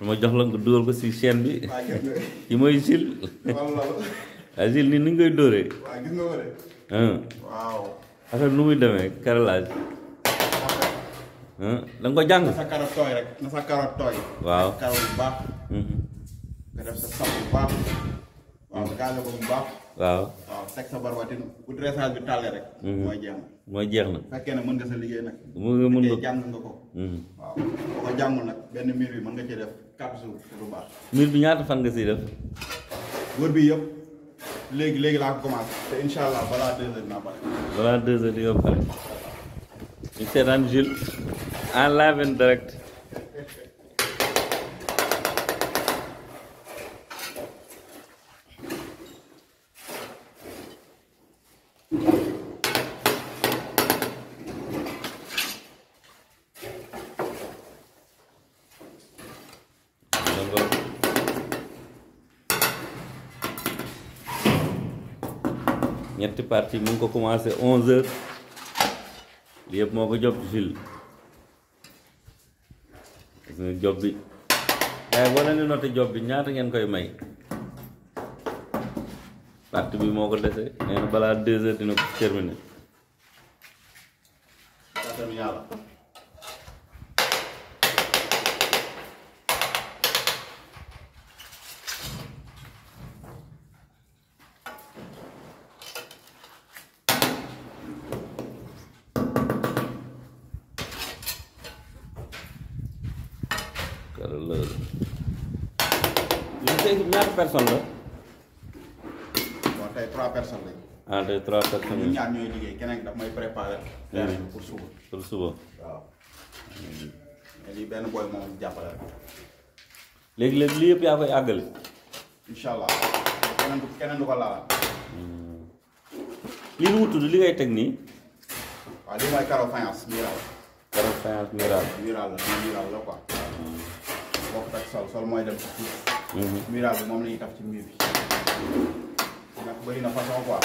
ma jox la nga dugal ko si chaîne bi yi mooy sil asil ah, ni ni ngay dóoree ah. waaw affaire nu muy demee carrelage ah, da nga ko jàng sa karot tooy rek na sa karot tooy waaw karot bu baax mm-hmm. nga def sa sab bu baax waaw gaale ko bu baax waaw waaw teg sa barwatin bu dressage bi tàllee rek mm-hmm. mooy jeex na mooy jeex na fekkee ne mën nga sa liggéey nag mën nga mën nga jàng nga ko mm-hmm. waaw ko nag benn miir bi mën nga cee def quatre jours te du baax. miir bi ñaata fan nga siy def. wër bi yëpp léegi léegi laa ko commencé te incha allah balaa deux heures dinaa balaa deux heures di pare. ñu Jules en live en direct. दूंगा नियत पार्थी मुंह को कुमार से ओंज लिए मौके जब झील जब भी बोले नहीं नोटे जब भी ना रहेंगे इनको ये पार्टी भी मौके लेते हैं ना बाला डेज़ है तीनों चेयरमैन है yéen sa équipe ñaata personne la. bon tey trois personnes lañ. ah tey trois personnes lañ. ñaar ñooy liggéey keneen daf may préparer. pour suba. pour lii benn booy moom jàppale léegi léegi lii yëpp yaa koy àggale. incha allah keneen du ko laal. Hmm. lii nu mu tudd li ngay teg nii. waaw lii mooy carreau faïence mural. carreau faïence mural. mural la mural la boo ko takk sol sol mooy dem ci mhm. suuf. muraal bi taf ci mbir bi. ndax bëri na façon quoi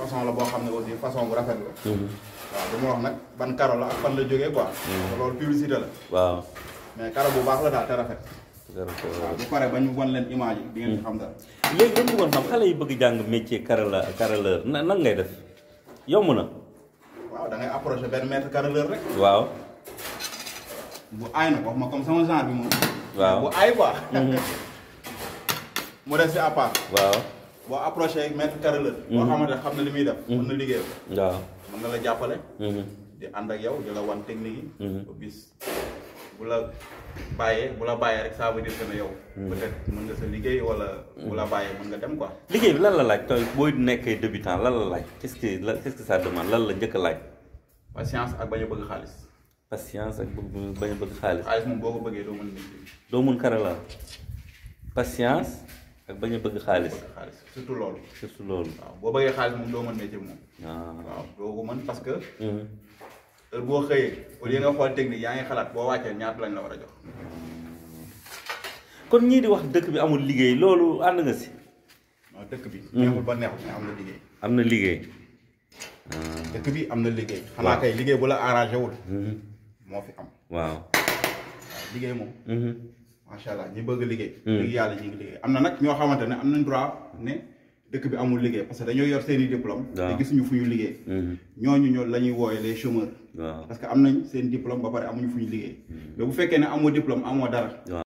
façon la aussi façon bu rafet la. Mhm. waaw wax ban karo la ak fan la jógee quoi. Mhm. loolu publicité la. waaw mais karo bu baax la daal te rafet. waaw bu pare ba ñu wan image di ngeen xam dara. léegi dañu bëggoon xam xale yi bëgg métier nan ngay def waaw da ngay rek. waaw. bu aay nag wax ma comme sama genre bi moom. bu aay mhm. mu def si à part. waaw boo approché maître carré boo mhm. xam na li muy def. Mhm. mën na liggéeyam. waaw mën na la jàppale. di ànd ak yow di la wan technique yi. bu la bàyyee bu la bàyyee rek ça veut dire que yow. peut mën nga sa liggéey wala. bu bàyyee mën nga dem quoi. liggéey bi lan la laaj tooy nekkee débutant lan la laaj qu'est-ce que qu'est-ce lan la njëkk a laaj. patience ak bañ a bëgg xaalis. patience ak bëgg bañ a bëgg xaalis. xaalis moom boo ko bëggee doo mën doo mën karala patience ak bañ a bëgg xaalis. surtout loolu. surtout loolu. boo bëggee xaalis moom doo mën métier moom. doo ko mën parce que. Mm-hmm. heure boo xëyee au lieu nga xool technique yaa ngi xalaat boo wàccee ñaata lañ la war a jox. Ah. kon ñii di wax dëkk bi amul liggéey loolu ànd nga si. dëkk bi. Mm-hmm. neexul ba neexul mais am na liggéey. am na liggéey. Ah. dëkk bi am na liggéey. xanaa kay liggéey bu la arrangé wul. Mm-hmm. moo fi am. waaw liggéey moom. Mm-hmm. macha allah ñi bëgg liggéey. Mm. dëgg yàlla ñi ngi liggéey am na nag ñoo xamante ne am nañ droit ne dëkk bi amul liggéey parce que dañoo yor seen i diplôme. te gisuñu fu ñu liggéey. Mm-hmm. ñooñu ñoo la ñuy wooye les chômeurs. parce que am nañ seen diplôme ba pare amuñu fu ñu liggéey. Mm-hmm. mais bu fekkee ne amoo diplôme amoo dara.